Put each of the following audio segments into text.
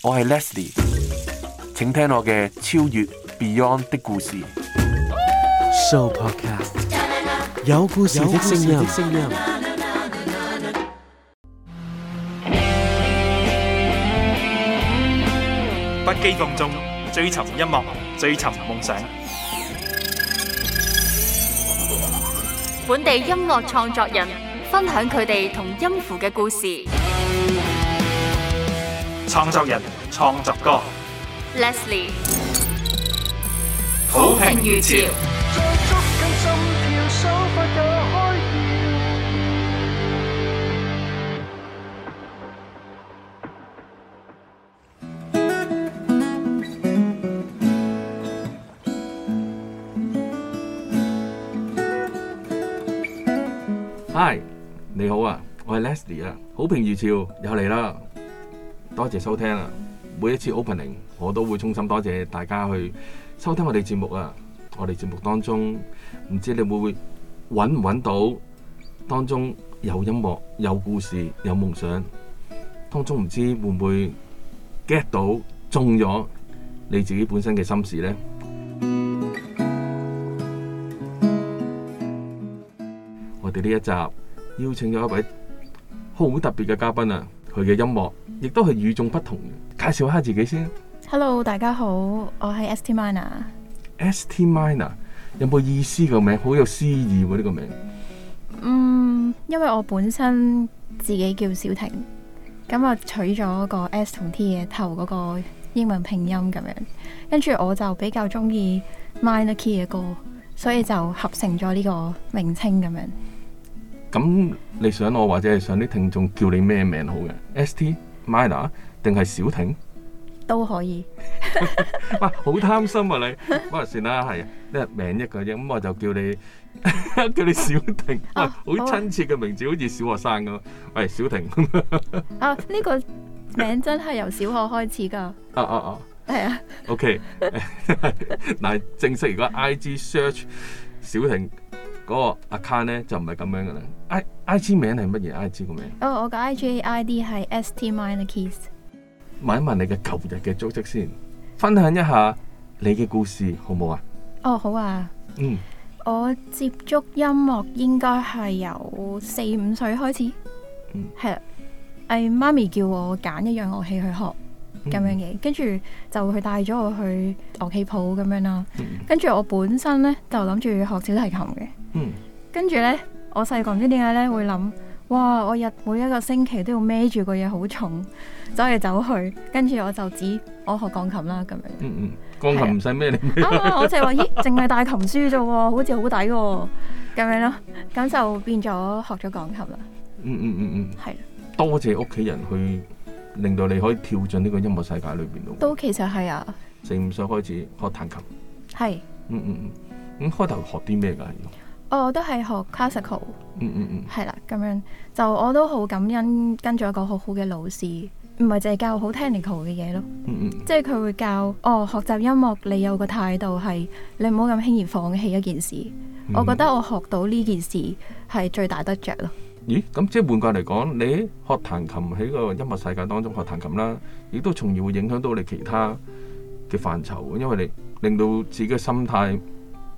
我係 Leslie，請聽我嘅超越 Beyond 的故事 Show Podcast，有故事的聲音，聲音不羈放縱，追尋音樂，追尋夢想。本地音樂創作人分享佢哋同音符嘅故事。創作人創作歌，Leslie，好評如潮。Hi，你好啊，我係 Leslie 啊，好評如潮又嚟啦。多謝收聽啦、啊！每一次 opening，我都會衷心多謝大家去收聽我哋節目啊！我哋節目當中，唔知你會唔會揾唔揾到當中有音樂、有故事、有夢想，當中唔知會唔會 get 到中咗你自己本身嘅心事呢？我哋呢一集邀請咗一位好特別嘅嘉賓啊！佢嘅音樂亦都係與眾不同。介紹下自己先。Hello，大家好，我係 S T Minor。S T Minor 有冇意思個名？好有詩意喎，呢、這個名。嗯，因為我本身自己叫小婷，咁、嗯、啊取咗個 S 同 T 嘅頭嗰個英文拼音咁樣，跟住我就比較中意 Minor Key 嘅歌，所以就合成咗呢個名稱咁樣。咁你想我或者係想啲聽眾叫你咩名好嘅？St. Miner 定係小婷都可以 、啊。哇，好貪心啊你，不過 算啦，係一名一個啫，咁我就叫你 叫你小婷，喂，好親、哦、切嘅名字，哦、好似、啊、小學生咁，喂、哎，小婷。 啊，呢、這個名真係由小學開始噶。哦哦哦，係啊。OK，、啊、嗱、啊 啊，正式如果 IG search 小婷。小嗰個 account 咧就唔係咁樣嘅啦，I I G 名係乜嘢 I G 個名？哦，oh, 我嘅 I G I D 係 ST minor keys。問一問你嘅舊日嘅足跡先，分享一下你嘅故事好冇啊？哦，oh, 好啊。嗯，我接觸音樂應該係由四五歲開始，嗯，係啦、啊，係、哎、媽咪叫我揀一樣樂器去學。咁樣嘅，跟住、嗯、就去帶咗我去樂器鋪咁樣啦。跟住我本身咧就諗住學小提琴嘅。嗯。跟住咧，我細個唔知點解咧會諗，哇！我日每一個星期都要孭住個嘢好重，走嚟走去。跟住我就指：「我學鋼琴啦」咁樣。嗯嗯，鋼琴唔使孭嚟咩？了啊嘛，我就係話，咦，淨係帶琴書咋喎？好似好抵喎，咁樣咯。咁就變咗學咗鋼琴啦、嗯。嗯嗯嗯嗯。係、嗯。的多謝屋企人去。令到你可以跳進呢個音樂世界裏邊。都其實係啊。四五歲開始學彈琴，係，嗯嗯嗯，咁開頭學啲咩噶？哦，我都係學 classical，嗯嗯嗯，係啦咁樣，就我都好感恩跟咗一個好好嘅老師，唔係淨係教好 technical 嘅嘢咯，嗯嗯，即係佢會教，哦，學習音樂你有個態度係，你唔好咁輕易放棄一件事，嗯嗯，我覺得我學到呢件事係最大得着咯。咦，咁即係換句嚟講，你學彈琴喺個音樂世界當中學彈琴啦，亦都從而會影響到你其他嘅範疇，因為你令到自己嘅心態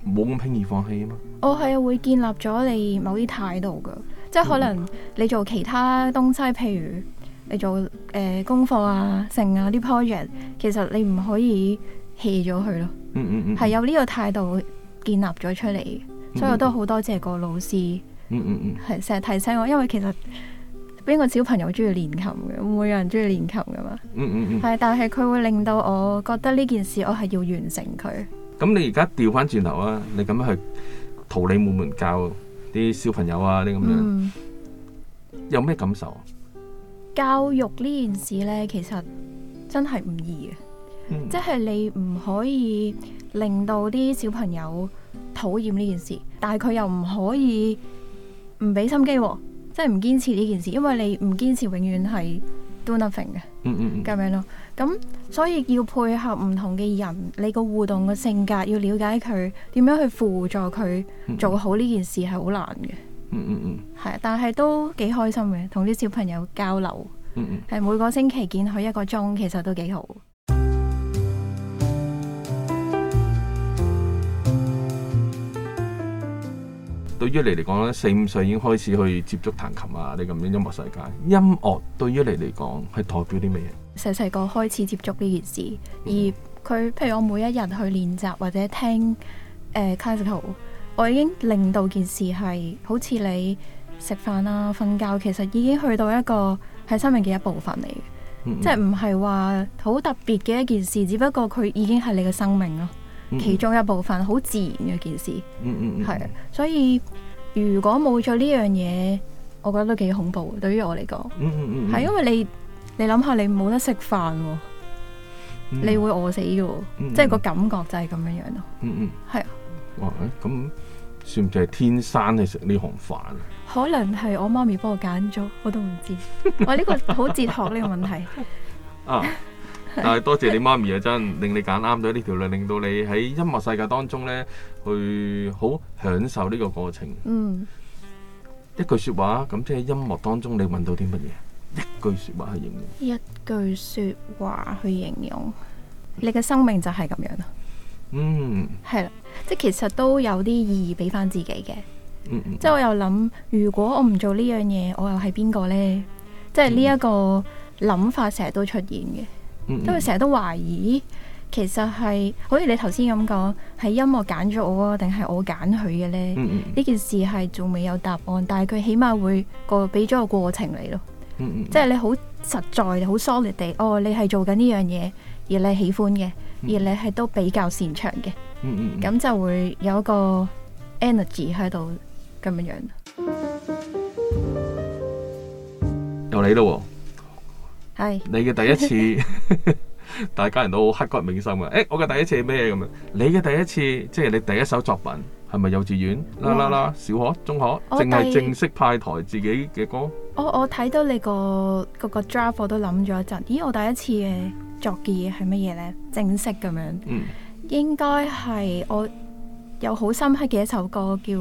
冇咁輕易放棄啊嘛。哦，係啊，會建立咗你某啲態度噶，即係可能你做其他東西，譬如你做誒、呃、功課啊、剩啊啲 project，其實你唔可以棄咗佢咯。嗯，嗯嗯嗯，係有呢個態度建立咗出嚟，所以我都好多謝個老師。嗯嗯嗯，係成日提醒我，因為其實邊個小朋友中意練琴嘅？唔會有人中意練琴噶嘛。嗯嗯嗯，係但係佢會令到我覺得呢件事，我係要完成佢。咁你而家調翻轉頭啊，你咁樣去桃李滿門教啲小朋友啊，啲咁樣，嗯、有咩感受啊？教育呢件事咧，其實真係唔易嘅，即係、嗯、你唔可以令到啲小朋友討厭呢件事，但係佢又唔可以。唔俾心機，即係唔堅持呢件事，因為你唔堅持，永遠係 do nothing 嘅。嗯，嗯嗯，咁樣咯。咁所以要配合唔同嘅人，你個互動嘅性格要了解佢點樣去輔助佢、嗯嗯、做好呢件事係好難嘅。嗯，嗯，嗯係，但係都幾開心嘅，同啲小朋友交流。嗯嗯係，每個星期見佢一個鐘，其實都幾好。對於你嚟講咧，四五歲已經開始去接觸彈琴啊，你咁樣音樂世界，音樂對於你嚟講係代表啲咩嘢？細細個開始接觸呢件事，嗯、而佢譬如我每一日去練習或者聽誒 classical 我已經令到件事係好似你食飯啦、啊、瞓覺，其實已經去到一個喺生命嘅一部分嚟嘅，即係唔係話好特別嘅一件事，只不過佢已經係你嘅生命咯、啊。其中一部分，好自然嘅件事，係啊 。所以如果冇咗呢樣嘢，我覺得都幾恐怖。對於我嚟講，嗯嗯嗯，係 因為你你諗下，你冇得食飯、哦， 你會餓死嘅、哦， 即係個感覺就係咁樣樣咯。嗯嗯，係 啊。的哇，咁算唔算係天生去食呢行飯 ？可能係我媽咪幫我揀咗，我都唔知。我 呢、呢個好哲學呢個問題 啊！ 但係多謝你媽咪啊，真令你揀啱咗呢條路，令到你喺音樂世界當中咧，去好享受呢個過程。嗯，一句說話咁，即係音樂當中你搵到啲乜嘢？一句說話去形容。一句說話去形容，你嘅生命就係咁樣咯。嗯，係啦，即係其實都有啲意義俾翻自己嘅。嗯嗯，即係我又諗，如果我唔做呢樣嘢，我又係邊個咧？即係呢一個諗法成日都出現嘅。因為成日都懷疑，其實係好似你頭先咁講，係音樂揀咗我啊，定係我揀佢嘅呢？呢、嗯嗯、件事係仲未有答案，但係佢起碼會個俾咗個過程你咯。嗯嗯、即係你好實在、好 solid 地，哦，你係做緊呢樣嘢，而你喜歡嘅，嗯、而你係都比較擅長嘅，咁、嗯嗯嗯、就會有一個 energy 喺度咁樣樣。又你咯。係、哎、你嘅第一次， 大家人都好刻骨銘心嘅。誒、哎，我嘅第一次係咩咁樣？你嘅第一次即係你第一首作品係咪幼稚園啦啦啦，小學、中學，淨係的正,正式派台自己嘅歌？我我睇到你、那個嗰個 draft，我都諗咗一陣。咦，我第一次嘅作嘅嘢係乜嘢咧？正式咁樣，嗯，應該係我有好深刻嘅一首歌，叫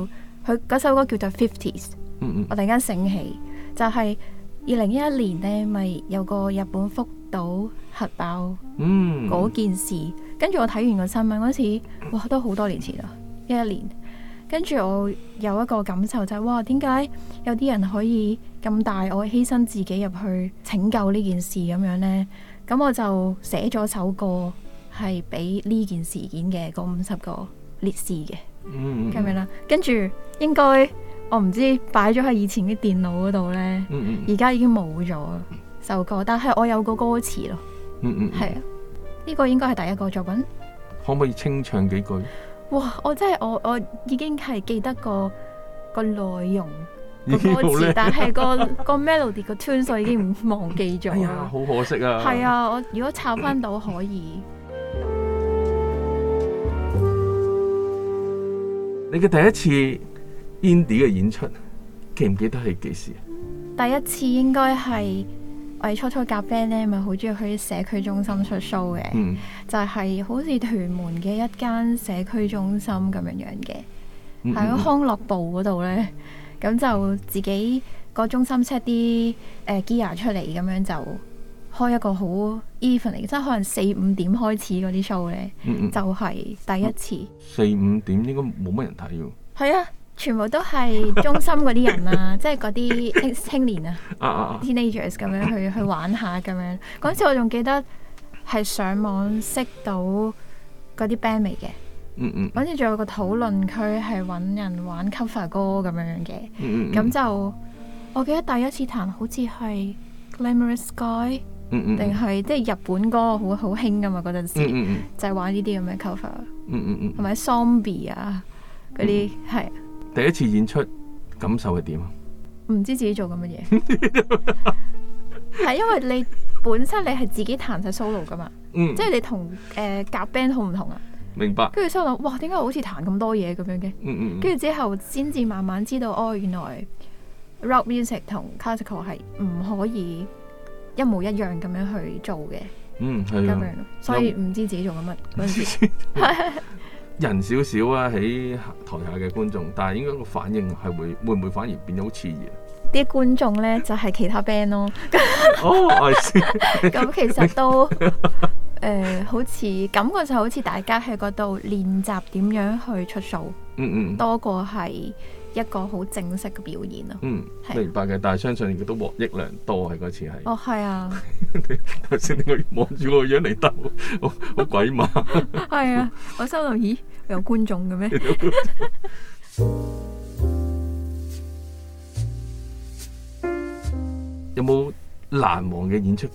佢首歌叫做 Fifties。嗯嗯，我突然間醒起，就係、是。二零一一年呢咪有個日本福島核爆、嗯，嗰件事，跟住我睇完個新聞嗰時，哇，都好多年前啦，一一年。跟住我有一個感受就係、是，哇，點解有啲人可以咁大愛犧牲自己入去拯救呢件事咁樣呢？咁我就寫咗首歌，係俾呢件事件嘅嗰五十個烈士嘅，咁樣啦。跟住嗎、嗯、應該。我唔知擺咗喺以前嘅電腦嗰度咧，而家、嗯嗯嗯，已經冇咗首歌。但係我有個歌詞咯，係啊、嗯嗯嗯、呢，這個應該係第一個作品，可唔可以清唱幾句？哇！我真係我我已經係記得，個個內、 個個內容個歌詞，但係個個 melody 個 tune 我已經唔忘記咗，好、 哎、可惜啊！係啊，我如果抄翻到可以，你嘅第一次。Andy 嘅演出，記唔記得係幾時啊？第一次應該係的我哋初初夾 band 咧，咪好中意去啲社區中心出 show 嘅，嗯、就係好似屯門嘅一間社區中心咁樣樣嘅，喺、嗯嗯嗯、康樂部嗰度咧，咁就自己個中心 set 啲誒 gear 出嚟，咁樣就開一個好 even 嚟，即係可能四五點開始嗰啲 show 咧，嗯嗯就係第一次四五、嗯、點應該冇乜人睇喎，係啊。全部都係中心嗰啲人啊， 即係嗰啲青年啊、oh.，teenagers 咁樣去去玩下咁樣。嗰陣時我仲記得係上網識到嗰啲 band 嚟嘅。嗯嗯、mm。仲、hmm. 有個討論區係揾人玩 cover 歌咁樣嘅。嗯咁、mm hmm. 就我記得第一次彈好似係、mm《Glamorous、hmm. Sky》。定係即係日本歌好好興㗎嘛？嗰陣時。Mm hmm. 就係玩呢啲咁嘅 cover。嗯嗯嗯。同、hmm. 埋、啊《Zombie》啊嗰啲係。Hmm. 第一次演出感受係點啊？唔知自己做緊乜嘢，係 因為你本身你係自己彈晒 solo 噶嘛，嗯、即係你同誒夾 band 好唔同啊？明白。跟住心諗，哇，點解好似彈咁多嘢咁樣嘅？跟住、嗯嗯、之後先至慢慢知道，哦，原來 rock music 同 classical 係唔可以一模一樣咁樣去做嘅。嗯，係咁樣，所以唔知自己做緊乜嗰陣時。人少少啊，喺台下嘅觀眾，但係應該個反應係會會唔會反而變咗好刺耳？啲觀眾咧就係、是、其他 band 咯，咁、 oh, I 其實都誒、呃，好似感覺就好似大家喺嗰度練習點樣去出數，嗯嗯、mm，hmm. 多過係。一個好正式嘅表演咯、啊，嗯，明白嘅，但係相信亦都獲益良多啊！嗰次係，哦，係啊，頭先 你，你我望住我個樣，嚟得，好鬼馬、啊，係 啊，我收到，咦，有觀眾嘅咩？ 有冇難忘嘅演出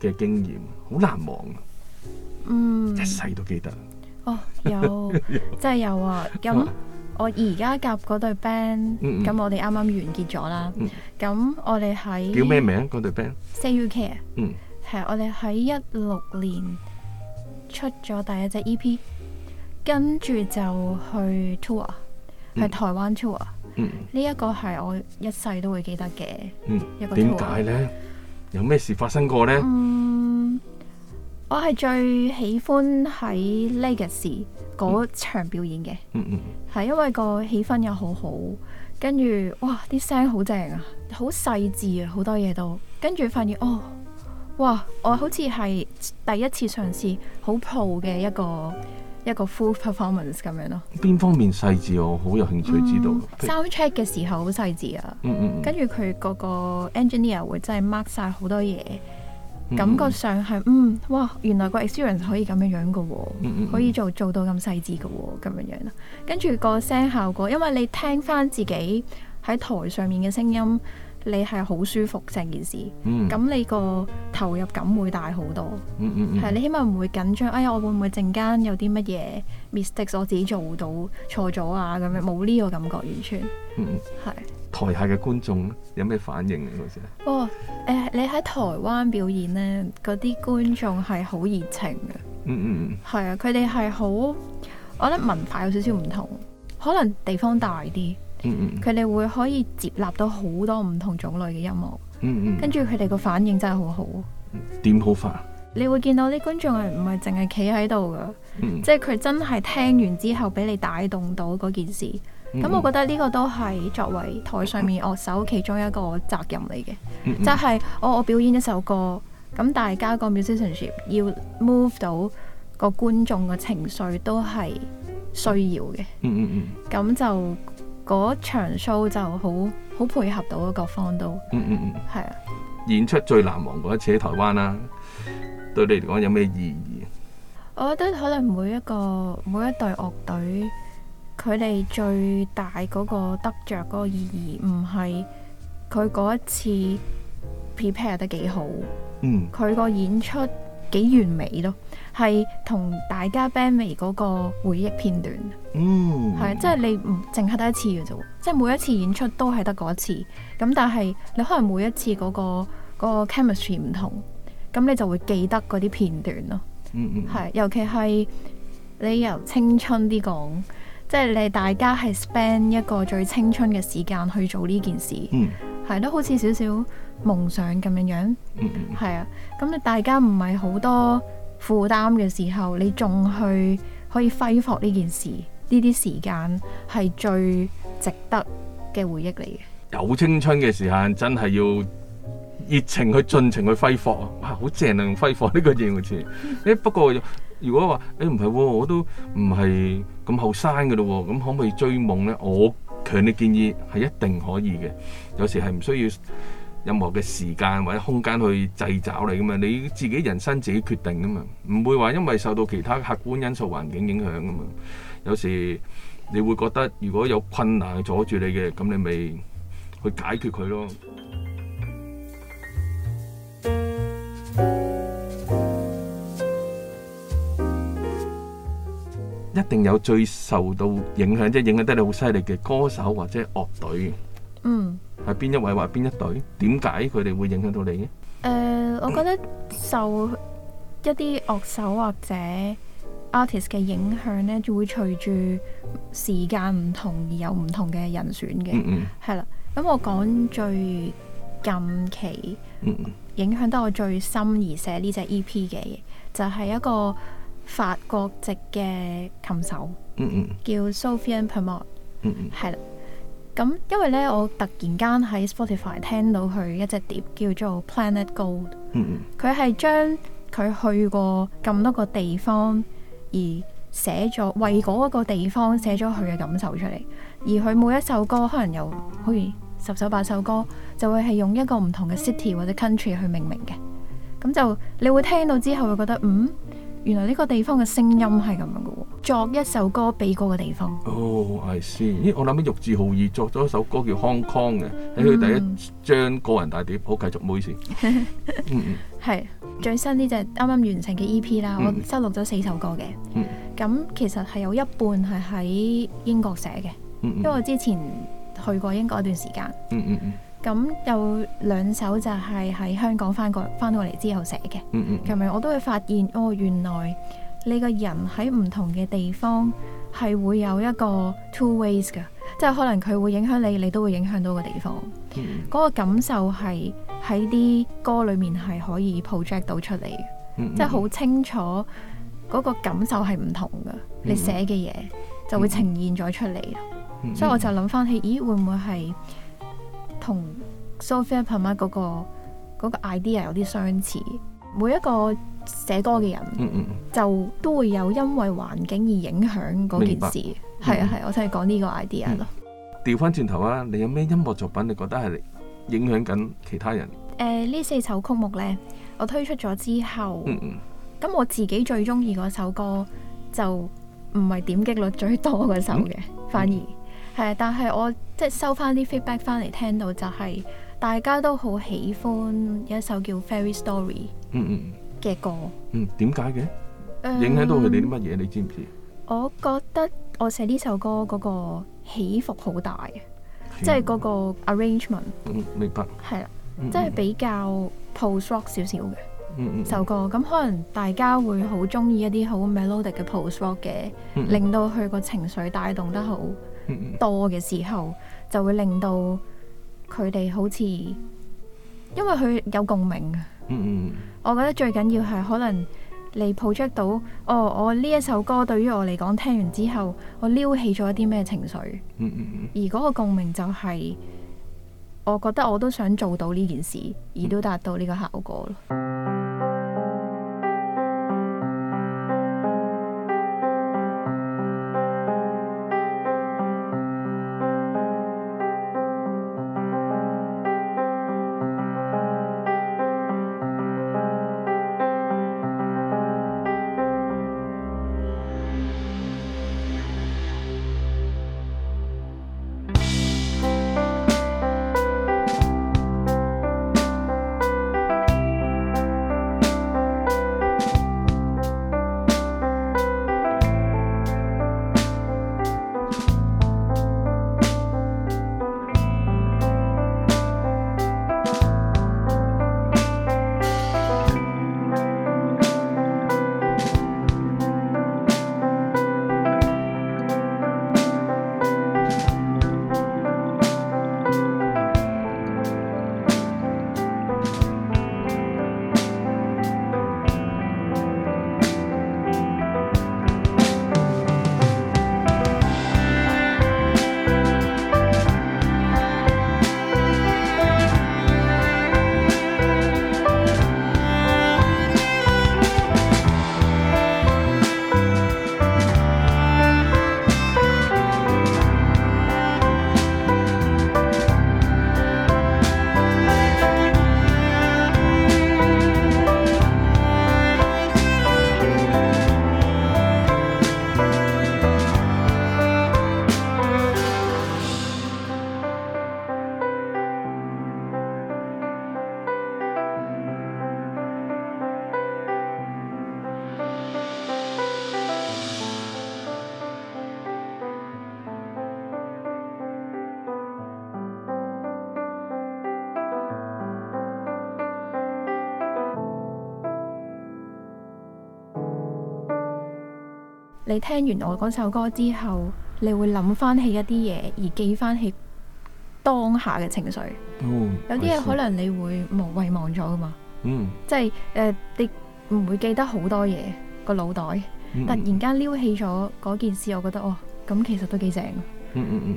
嘅經驗？好難忘啊，嗯，一世都記得。哦，有， 有真係有啊，咁。我而家夾嗰對 band，咁、嗯嗯、我哋啱啱完結咗啦。咁、嗯、我哋喺叫咩名嗰對 band？Say You Care。嗯，係我哋喺一六年出咗第一隻 EP，跟住就去 tour，係、嗯、台灣 tour、嗯。呢一個係我一世都會記得嘅。嗯，一個點解呢？有咩事發生過呢？嗯我係最喜歡喺 Legacy 嗰、嗯、場表演嘅，係、嗯嗯、因為個氣氛又好好，跟住哇啲聲好正啊，好細緻啊，好多嘢都跟住發現哦，哇！我好似係第一次嘗試好 pro 嘅一個一個 full performance 咁樣咯、啊。邊方面細緻、啊、我好有興趣知道。Sound check、嗯、如嘅時候好細緻啊，跟住佢嗰個 engineer 會真係 mark 晒好多嘢。感覺上係嗯，哇！原來個 experience 可以咁樣樣㗎喎，可以做做到咁細緻㗎喎，咁樣樣啦。跟住個聲效果，因為你聽返自己喺台上面嘅聲音，你係好舒服成件事。嗯，咁你個投入感會大好多。嗯嗯嗯，係你起碼唔會緊張。哎呀，我會唔會陣間有啲乜嘢 mistakes？我自己做到錯咗啊？咁樣冇呢個感覺完全。嗯，係、嗯。台下嘅觀眾有咩反應啊？老師啊，哦，誒，你喺台灣表演呢，嗰啲觀眾係好熱情嘅。嗯嗯嗯，係、hmm. 啊，佢哋係好，我覺得文化有少少唔同，可能地方大啲。佢哋、mm hmm. 會可以接納到好多唔同種類嘅音樂。Mm hmm. 跟住佢哋個反應真係好好。點好法？Hmm. 你會見到啲觀眾係唔係淨係企喺度噶？Mm hmm. 即係佢真係聽完之後，俾你帶動到嗰件事。咁、嗯、我覺得呢個都係作為台上面樂手其中一個責任嚟嘅，就係我我表演一首歌，咁大家個 musicianship 要 move 到個觀眾嘅情緒都係需要嘅、嗯。嗯嗯嗯。咁就嗰場 show 就好好配合到各方都。嗯嗯嗯。係、嗯嗯、啊。演出最難忘嗰一次喺台灣啦、啊，對你嚟講有咩意義？我覺得可能每一個每一隊樂隊。佢哋最大嗰個得着嗰個意義唔係佢嗰一次 prepare 得幾好，嗯，佢個演出幾完美咯，係同大家 band 味嗰個回憶片段，嗯，係即係你唔淨係得一次嘅啫，即係每一次演出都係得嗰一次，咁但係你可能每一次嗰、嗰個嗰個 chemistry 唔同，咁你就會記得嗰啲片段咯，嗯，嗯，係尤其係你由青春啲講。即係你大家係 spend 一個最青春嘅時間去做呢件事，係都、嗯、好似少少夢想咁樣樣，係啊、嗯。咁你大家唔係好多負擔嘅時候，你仲去可以揮霍呢件事，呢啲時間係最值得嘅回憶嚟嘅。有青春嘅時間，真係要熱情去盡情去揮霍啊！哇，好正能揮霍呢個嘢，好似誒，不過。如果話誒唔係，我都唔係咁後生嘅咯，咁、嗯、可唔可以追夢呢？我強烈建議係一定可以嘅。有時係唔需要任何嘅時間或者空間去製找你噶嘛，你自己人生自己決定噶嘛，唔會話因為受到其他客觀因素環境影響噶嘛。有時你會覺得如果有困難阻住你嘅，咁你咪去解決佢咯。一定有最受到影響，即係影響得你好犀利嘅歌手或者樂隊。嗯，係邊一位或邊一隊？點解佢哋會影響到你呢？誒、呃，我覺得受一啲樂手或者 artist 嘅影響呢，就會隨住時間唔同而有唔同嘅人選嘅。嗯係、嗯、啦。咁我講最近期，影響得我最深而寫呢隻 EP 嘅嘢，就係、是、一個。法國籍嘅琴手，mm hmm. 叫 Sofiane Pam、mm、art 嗯係啦。咁、hmm. 因為呢，我突然間喺 Spotify 聽到佢一隻碟叫做《Planet Gold》mm，佢、hmm. 係將佢去過咁多個地方而寫咗為嗰個地方寫咗佢嘅感受出嚟。而佢每一首歌可能有好似十首八首歌，就會係用一個唔同嘅 city 或者 country 去命名嘅。咁就你會聽到之後會覺得嗯。原來呢個地方嘅聲音係咁樣嘅、哦，作一首歌俾嗰個地方。哦、oh,，I see. 咦，我諗起玉志豪已作咗一首歌叫《Hong Kong》嘅，喺佢、mm hmm. 第一張個人大碟。好，繼續唔好意思，嗯、 mm。係、hmm. 最新呢隻啱啱完成嘅 EP 啦、mm，hmm. 我收錄咗四首歌嘅。嗯、mm。咁、hmm. 其實係有一半係喺英國寫嘅，mm hmm. 因為我之前去過英國一段時間。嗯嗯嗯。Hmm. 咁有兩首就係喺香港翻過翻到嚟之後寫嘅，咁樣、嗯？嗯、我都會發現哦，原來你個人喺唔同嘅地方係會有一個 two ways 㗎，即、就、係、是、可能佢會影響你，你都會影響到個地方。嗰、嗯嗯、個感受係喺啲歌裏面係可以 project 到出嚟嘅，即係好清楚嗰個感受係唔同嘅。嗯、你寫嘅嘢就會呈現咗出嚟，嗯嗯嗯嗯、所以我就諗翻起，咦，會唔會係？同 Sophia p u 嗰、嗰個、嗰個 idea 有啲相似。每一個寫歌嘅人，嗯嗯就都會有因為環境而影響嗰件事。係啊係，我聽你講呢個 idea 咯。調返轉頭啊，你有咩音樂作品你覺得係影響緊其他人？誒、呃，呢四首曲目呢，我推出咗之後，咁、嗯嗯、我自己最中意嗰首歌就唔係點擊率最多嗰首嘅，嗯、反而。係，但係我即係收翻啲 feedback 翻嚟聽到，就係大家都好喜歡一首叫嗯嗯《Fairy Story》嘅歌。嗯，點解嘅？影響、嗯、到佢哋啲乜嘢？嗯、你知唔知？我覺得我寫呢首歌嗰個起伏好大，即係嗰個 arrangement、嗯。明白。係啦的，即係、嗯嗯、比較 post rock 少少嘅首、嗯嗯、歌，咁可能大家會好中意一啲好 melodic 嘅 post rock 嘅，嗯嗯令到佢個情緒帶動得好多嘅時候就會令到佢哋好似，因為佢有共鳴啊。 我覺得最緊要係可能你 project 到，哦，我呢一首歌對於我嚟講，聽完之後，我撩起咗一啲咩情緒。 而嗰個共鳴就係，我覺得我都想做到呢件事，而都達到呢個效果咯。你聽完我嗰首歌之後，你會諗翻起一啲嘢，而記翻起當下嘅情緒，哦、有啲嘢可能你會無謂忘遺忘咗噶嘛，即係誒，你唔會記得好多嘢個腦袋，嗯、突然間撩起咗嗰件事，我覺得哦，咁其實都幾正，嗯嗯嗯，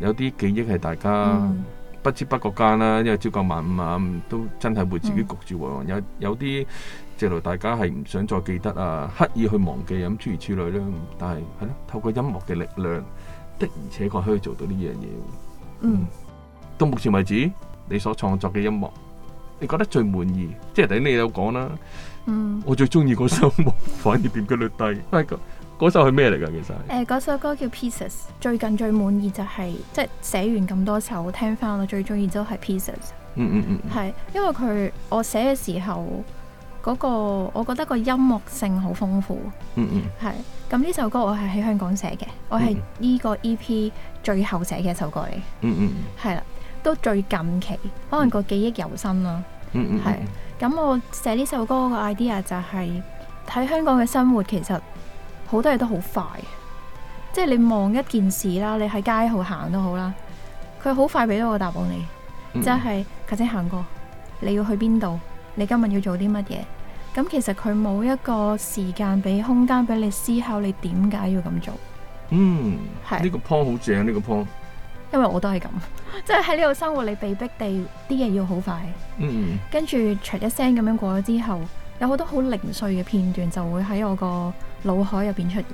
有啲記憶係大家。嗯不知不覺間啦，因為朝九晚五啊，都真係會自己焗住。有有啲借來大家係唔想再記得啊，刻意去忘記咁諸如此類啦。但係係咯，透過音樂嘅力量，的而且確可以做到呢樣嘢。嗯，到目前為止你所創作嘅音樂，你覺得最滿意，即係頭先你有講啦。嗯，我最中意嗰首反而點擊率低。嗰首係咩嚟㗎？其實誒，嗰首歌叫《Pieces》，最近最滿意就係、是、即係寫完咁多首，聽返我最中意都係《Pieces》，嗯。嗯嗯嗯。係因為佢我寫嘅時候嗰、那個，我覺得個音樂性好豐富。嗯嗯。係、嗯、咁，呢首歌我係喺香港寫嘅，嗯、我係呢個 E.P. 最後寫嘅一首歌嚟、嗯。嗯嗯嗯。係啦，都最近期，可能個記憶猶新啦、嗯。嗯嗯。係咁，我寫呢首歌個 idea 就係、是、喺香港嘅生活，其實。好多嘢都好快，即係你望一件事啦，你喺街度行都好啦，佢好快俾到個答案你，即係家姐行過，你要去邊度，你今日要做啲乜嘢？咁其實佢冇一個時間俾空間俾你思考，你點解要咁做？嗯，係呢個 point 好正呢個 point，因為我都係咁，即係喺呢個生活，你被逼地啲嘢要好快。嗯，跟住 s 一聲咁樣過咗之後，有好多好零碎嘅片段就會喺我個腦海入邊出現，係啊、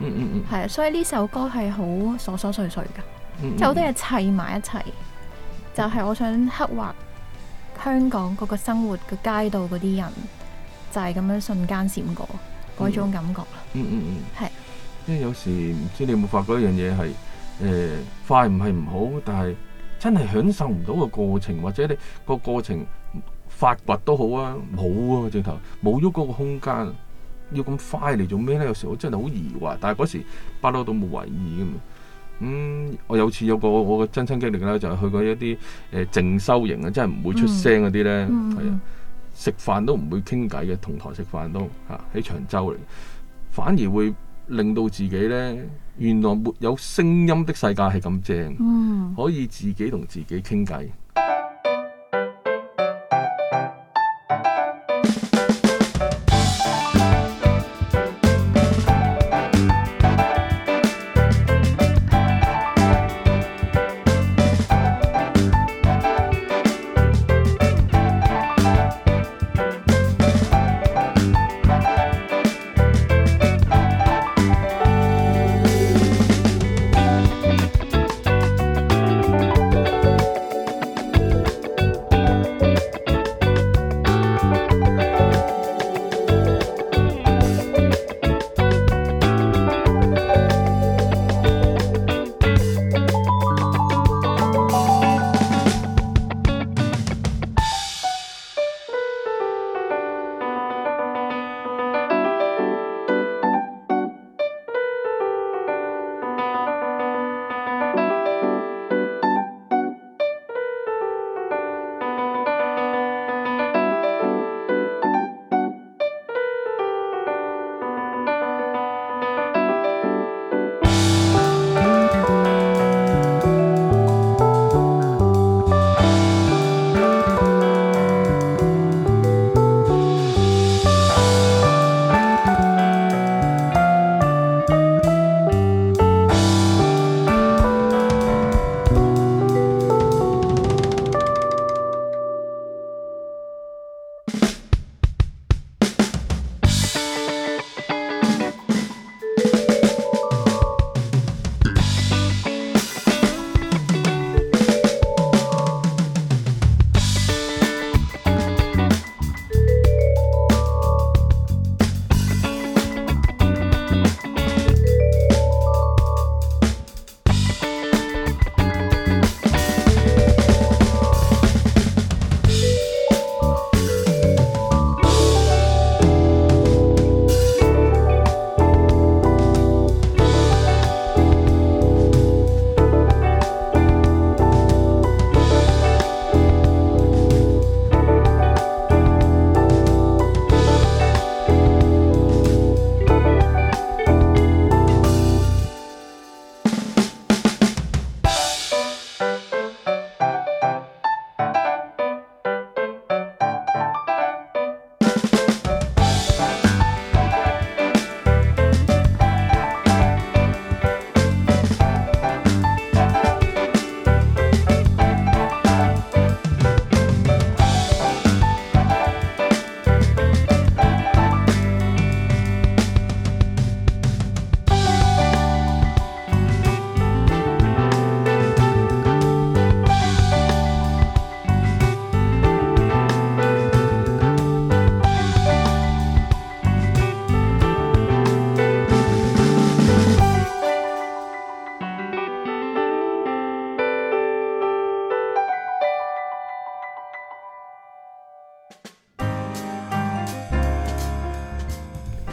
嗯嗯嗯，所以呢首歌係好瑣瑣碎碎噶，即係好多嘢，砌埋一齊，就係我想刻畫香港嗰個生活嘅街道嗰啲人，就係咁樣瞬間閃過嗰種感覺啦。嗯嗯嗯，係。即係有時唔知你有冇發覺一樣嘢係，誒，快唔係唔好，但係真係享受唔到個過程，或者你個過程發掘都好啊，冇啊直頭，冇喐嗰個空間。要咁快嚟做咩呢？有時候我真係好疑惑，但係嗰時不嬲都冇為意。嘅、嗯、嘛。咁我有次有個我嘅親身經歷啦，就係、是、去過一啲誒、呃、靜修營嗰，真係唔會出聲嗰啲呢。係啊、mm hmm.，食飯都唔會傾偈嘅，同台食飯都嚇喺、啊、長洲嚟，反而會令到自己呢，原來沒有聲音的世界係咁正，mm hmm. 可以自己同自己傾偈。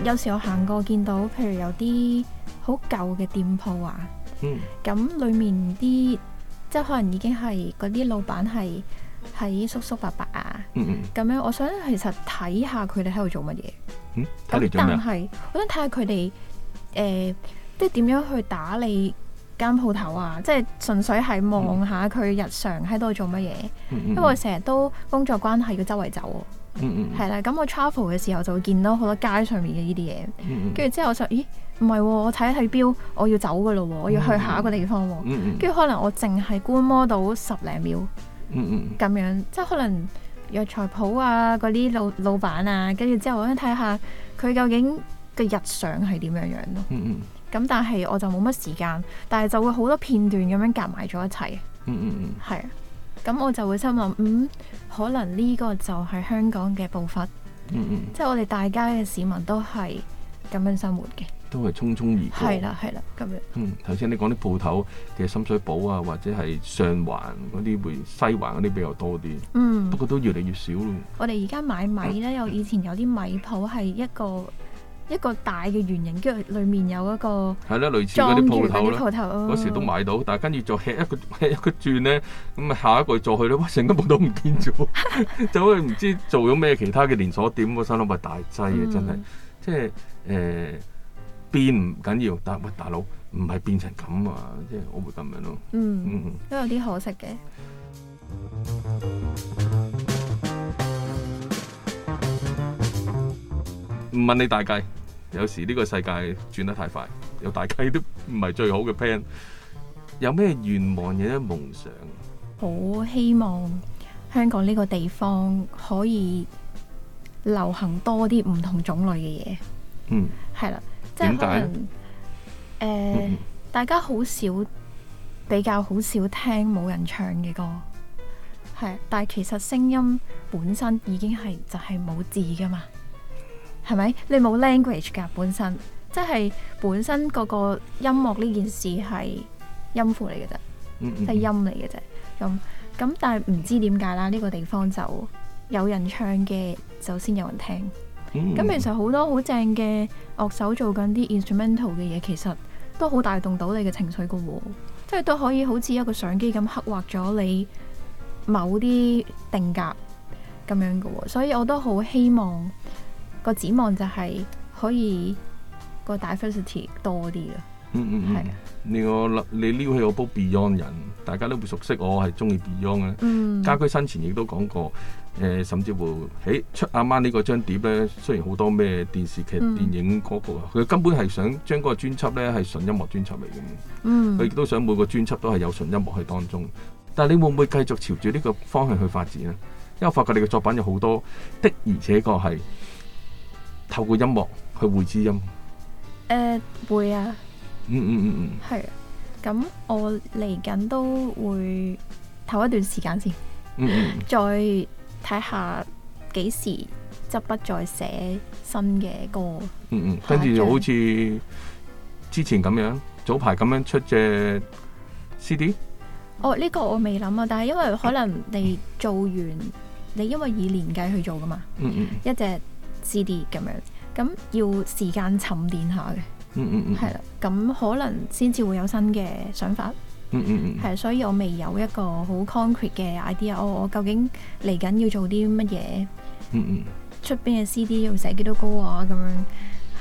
有時我行過見到，譬如有啲好舊嘅店鋪啊，咁、嗯嗯、裡面啲即係可能已經係嗰啲老闆係喺叔叔伯伯啊，咁樣、嗯嗯、我想其實睇下佢哋喺度做乜嘢。咁、嗯、但係我想睇下佢哋誒，即係點樣去打理間鋪頭啊，即、就、係、是、純粹係望下佢日常喺度做乜嘢，嗯嗯、因為成日都工作關係要周圍走、啊。嗯嗯，係啦、mm，咁、hmm. 我 travel 嘅時候就會見到好多街上面嘅呢啲嘢，跟住之後我就咦，唔係喎，我睇一睇標，我要走噶咯，我要去下一個地方，跟住、mm hmm. 可能我淨係觀摩到十零秒，咁、mm hmm. 樣即係可能藥材鋪啊嗰啲老老闆啊，跟住之後我想睇下佢究竟嘅日常係點樣樣咯，咁、mm hmm. 嗯、但係我就冇乜時間，但係就會好多片段咁樣夾埋咗一齊，嗯嗯係啊。Hmm. 咁我就會心諗，嗯，可能呢個就係香港嘅步伐，嗯嗯即係我哋大家嘅市民都係咁樣生活嘅，都係匆匆而過，係啦係啦咁樣。嗯，頭先你講啲鋪頭嘅深水埗啊，或者係上環嗰啲，會西環嗰啲比較多啲，嗯，不過都越嚟越少咯。我哋而家買米咧，有以前有啲米鋪係一個。一個大嘅圓形，跟住裏面有一個係啦，類似嗰啲鋪頭，嗰時都買到，但係跟住再吃一個吃一個轉咧，咁啊，下一個再去咧，哇，成間鋪都唔見咗，就好似唔知做咗咩其他嘅連鎖店，我心諗咪大劑啊，真係、嗯、即係誒、呃、變唔緊要，但係喂大佬唔係變成咁啊，即係我會咁樣咯，嗯嗯，都、嗯、有啲可惜嘅。唔問你大計，有時呢個世界轉得太快，有大計都唔係最好嘅 plan。有咩願望，有咩夢想？好希望香港呢個地方可以流行多啲唔同種類嘅嘢。嗯，係啦，即、就、係、是、可能誒，大家好少比較好少聽冇人唱嘅歌，係，但係其實聲音本身已經係就係、是、冇字噶嘛。係咪？你冇 language 㗎本身，即係本身嗰個音樂呢件事係音符嚟嘅啫，係、mm hmm. 音嚟嘅啫。咁咁，但係唔知點解啦，呢個地方就有人唱嘅就先有人聽。咁、mm hmm. 其實好多好正嘅樂手做緊啲 instrumental 嘅嘢，其實都好帶動到你嘅情緒嘅喎、哦，即係都可以好似一個相機咁刻畫咗你某啲定格咁樣嘅喎、哦。所以我都好希望。個展望就係可以、那個 diversity 多啲啊、嗯。嗯嗯嗯，係啊的。你我你撩起我部 Beyond 人，大家都會熟悉我。我係中意 Beyond 嘅。嗯。家駒生前亦都講過誒、呃，甚至乎喺出阿媽呢個張碟咧，雖然好多咩電視劇、嗯、電影歌曲啊，佢根本係想將嗰個專輯咧係純音樂專輯嚟嘅。嗯。佢亦都想每個專輯都係有純音樂喺當中。但係你會唔會繼續朝住呢個方向去發展啊？因為我發覺你嘅作品有好多的，而且確係。透過音樂去回知音，誒、呃、會啊！嗯嗯嗯嗯，係啊。咁我嚟緊都會唞一段時間先。嗯嗯。嗯再睇下幾時執筆再寫新嘅歌。嗯嗯。跟住就好似之前咁樣，早排咁樣出隻 CD。哦，呢、呢個我未諗啊！但係因為可能你做完，你因為以年計去做噶嘛。嗯嗯。嗯嗯一隻。CD 咁樣，咁要時間沉澱下嘅，嗯嗯嗯，係啦，咁可能先至會有新嘅想法，嗯嗯嗯，係，所以我未有一個好 concrete 嘅 idea，哦，我究竟嚟緊要做啲乜嘢，嗯嗯，出邊嘅 CD 要寫幾多歌啊，咁樣，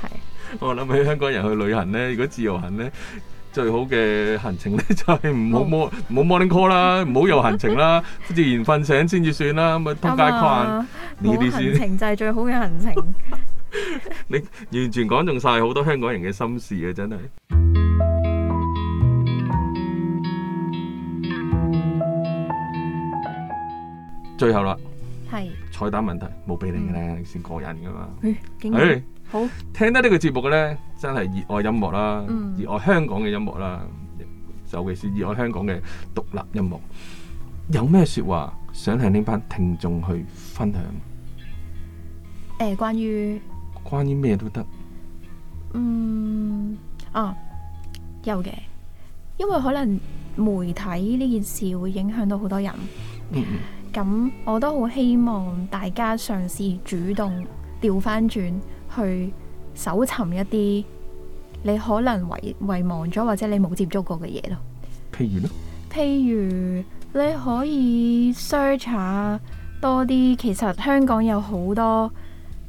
係。我諗起香港人去旅行咧，如果自由行咧。 最好嘅行程咧， 就係唔好摸，唔好、哦、morning call 啦，唔好有行程啦，自然瞓醒先至算啦，咁咪通街逛呢啲先。行程就係最好嘅行程。 你完全講中晒好多香港人嘅心事啊！真係。 最後啦，係是彩蛋問題冇俾你嘅㗎、嗯、你算過癮㗎嘛。哎！人好，聽得呢個節目嘅咧，真係熱愛音樂啦，熱、嗯、愛香港嘅音樂啦，尤其是熱愛香港嘅獨立音樂。有咩說話想向呢班聽眾去分享？誒、呃，關於關於咩都得，嗯啊，有嘅，因為可能媒體呢件事會影響到好多人，咁、嗯嗯、我都好希望大家嘗試主動調返轉。去搜尋一啲你可能遺遺忘咗或者你冇接觸過嘅嘢咯。譬如咯，譬如你可以 search 下多啲，其實香港有好多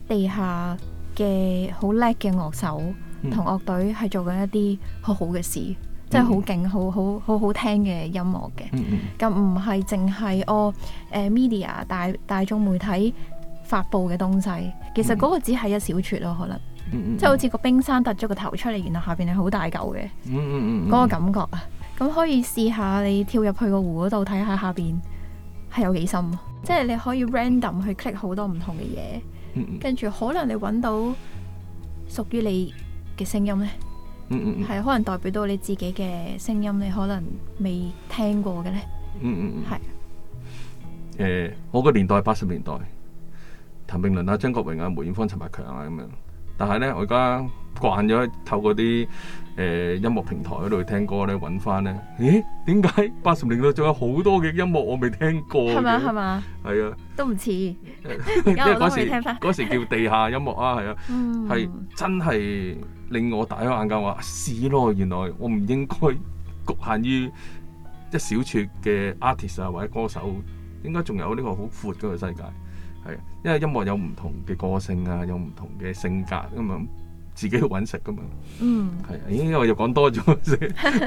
地下嘅好叻嘅樂手同樂隊，係做緊一啲好好嘅事，嗯、即係、嗯、好勁、好好好好聽嘅音樂嘅。咁唔係淨係哦、呃、media 大大眾媒體。發布嘅東西，其實嗰個只係一小撮咯、喔，可能，嗯嗯嗯即係好似個冰山突咗個頭出嚟，原來下邊係好大嚿嘅，嗰、嗯嗯嗯嗯嗯、個感覺個看看啊，咁可以試下你跳入去個湖嗰度睇下下邊係有幾深，即係你可以 random 去 click 好多唔同嘅嘢，跟住、嗯嗯、可能你揾到屬於你嘅聲音呢，係、嗯嗯嗯嗯、可能代表到你自己嘅聲音，你可能未聽過嘅呢，係，誒，我個年代八十年代。譚詠麟啊，張國榮啊，梅艷芳、陳百強啊咁樣。但係咧，我而家慣咗透過啲誒、呃、音樂平台嗰度聽歌咧，揾翻咧，咦？點解八十年代仲有好多嘅音樂我未聽過？係嘛係嘛？係啊，都唔似。 因為嗰時， 時叫地下音樂啊，係啊，係 真係令我打開眼界，話屎咯，原來我唔應該局限於一小撮嘅 artist 啊或者歌手，應該仲有呢個好闊嘅世界。係，因為音樂有唔同嘅個性啊，有唔同嘅性格咁啊，自己去揾食噶嘛。嗯。係啊，咦，我又講多咗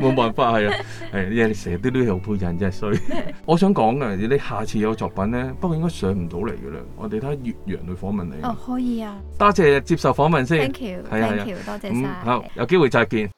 冇 辦法係啊，誒，成日啲都好配人啫，所以 我想講啊，你下次有作品咧，不過應該上唔到嚟嘅啦。我哋睇下越洋去訪問你。哦，可以啊。多謝接受訪問先。Thank you。係啊，多謝曬。好， 有機會再見。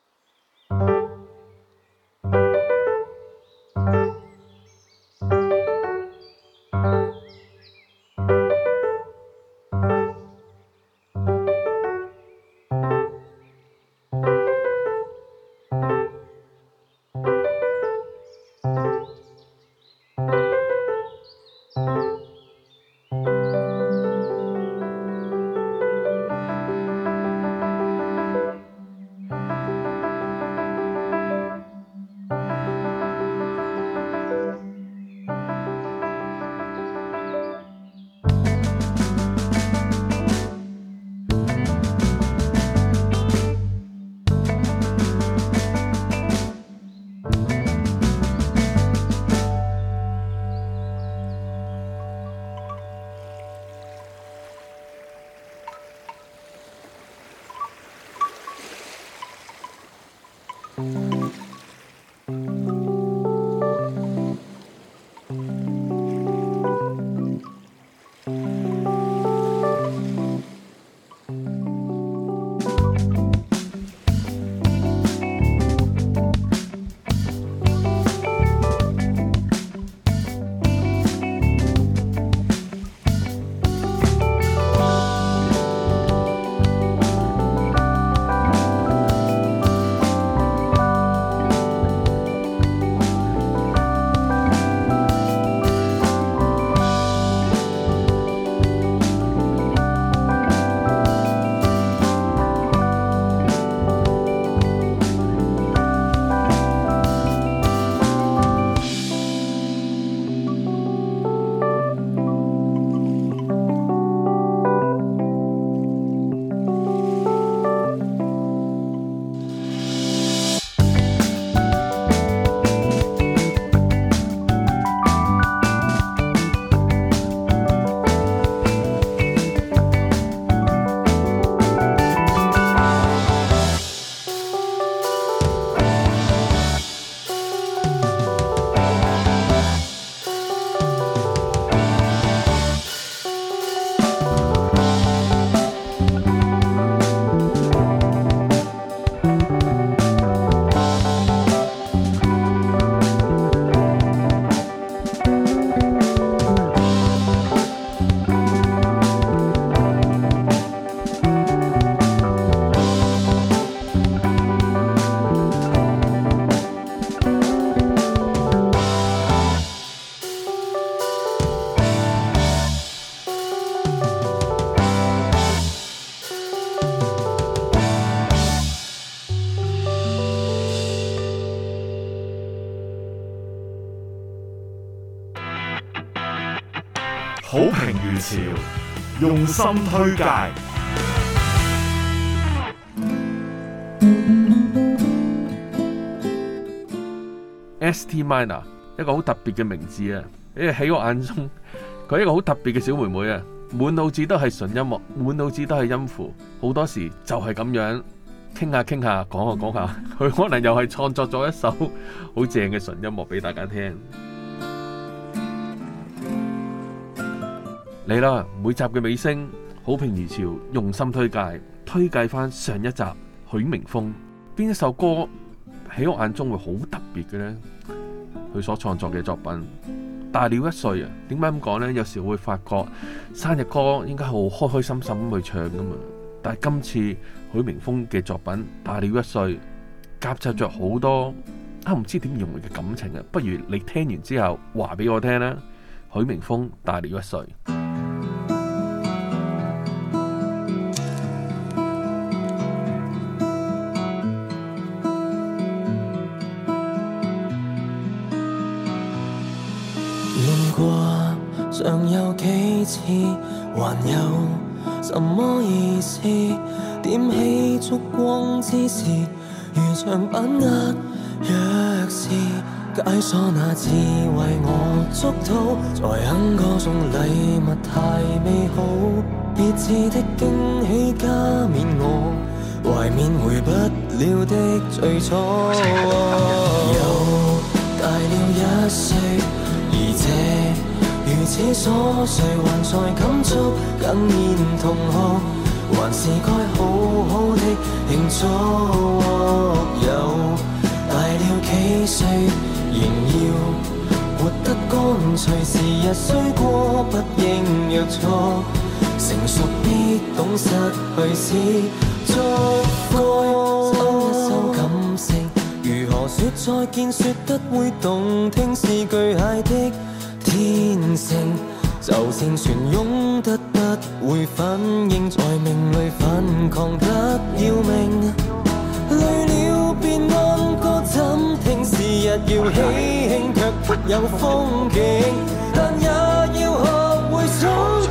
用心推介。St. Minor 一個好特別嘅名字啊！喺我眼中，佢一個好特別嘅小妹妹啊，滿腦子都係純音樂，滿腦子都係音符，好多時就係咁樣傾下傾下，講下講下，佢可能又係創作咗一首好正嘅純音樂俾大家聽。嚟啦！每集嘅尾聲好評如潮，用心推介，推介翻上一集。許明峰邊一首歌喺我眼中會好特別嘅呢？佢所創作嘅作品《大了一歲》啊，點解咁講呢？有時會發覺生日歌應該好開開心心咁去唱噶嘛，但係今次許明峰嘅作品《大了一歲》夾雜着好多啊，唔知點形容嘅感情啊。不如你聽完之後話俾我聽啦。許明峰《大了一歲》。還有什麼意思？點起燭光之時，如長板壓若是解鎖那次慧我捉到，才肯歌送禮物太美好，別致的驚喜加冕我，懷緬回不了的最初。 又大了一歲，而這。這所誰還在感觸？哽咽痛哭，還是該好好的慶祝。或有大了幾歲，仍要活得乾脆。時日雖過，不應若錯。成熟必懂失去是錯覺。收一收感性，如何説再見，説得會動聽是巨蟹的天性，就算全擁得不會反應，在命裏反抗得要命。累了便安歌暫停，時日要喜慶，却沒有風景，但也要學會。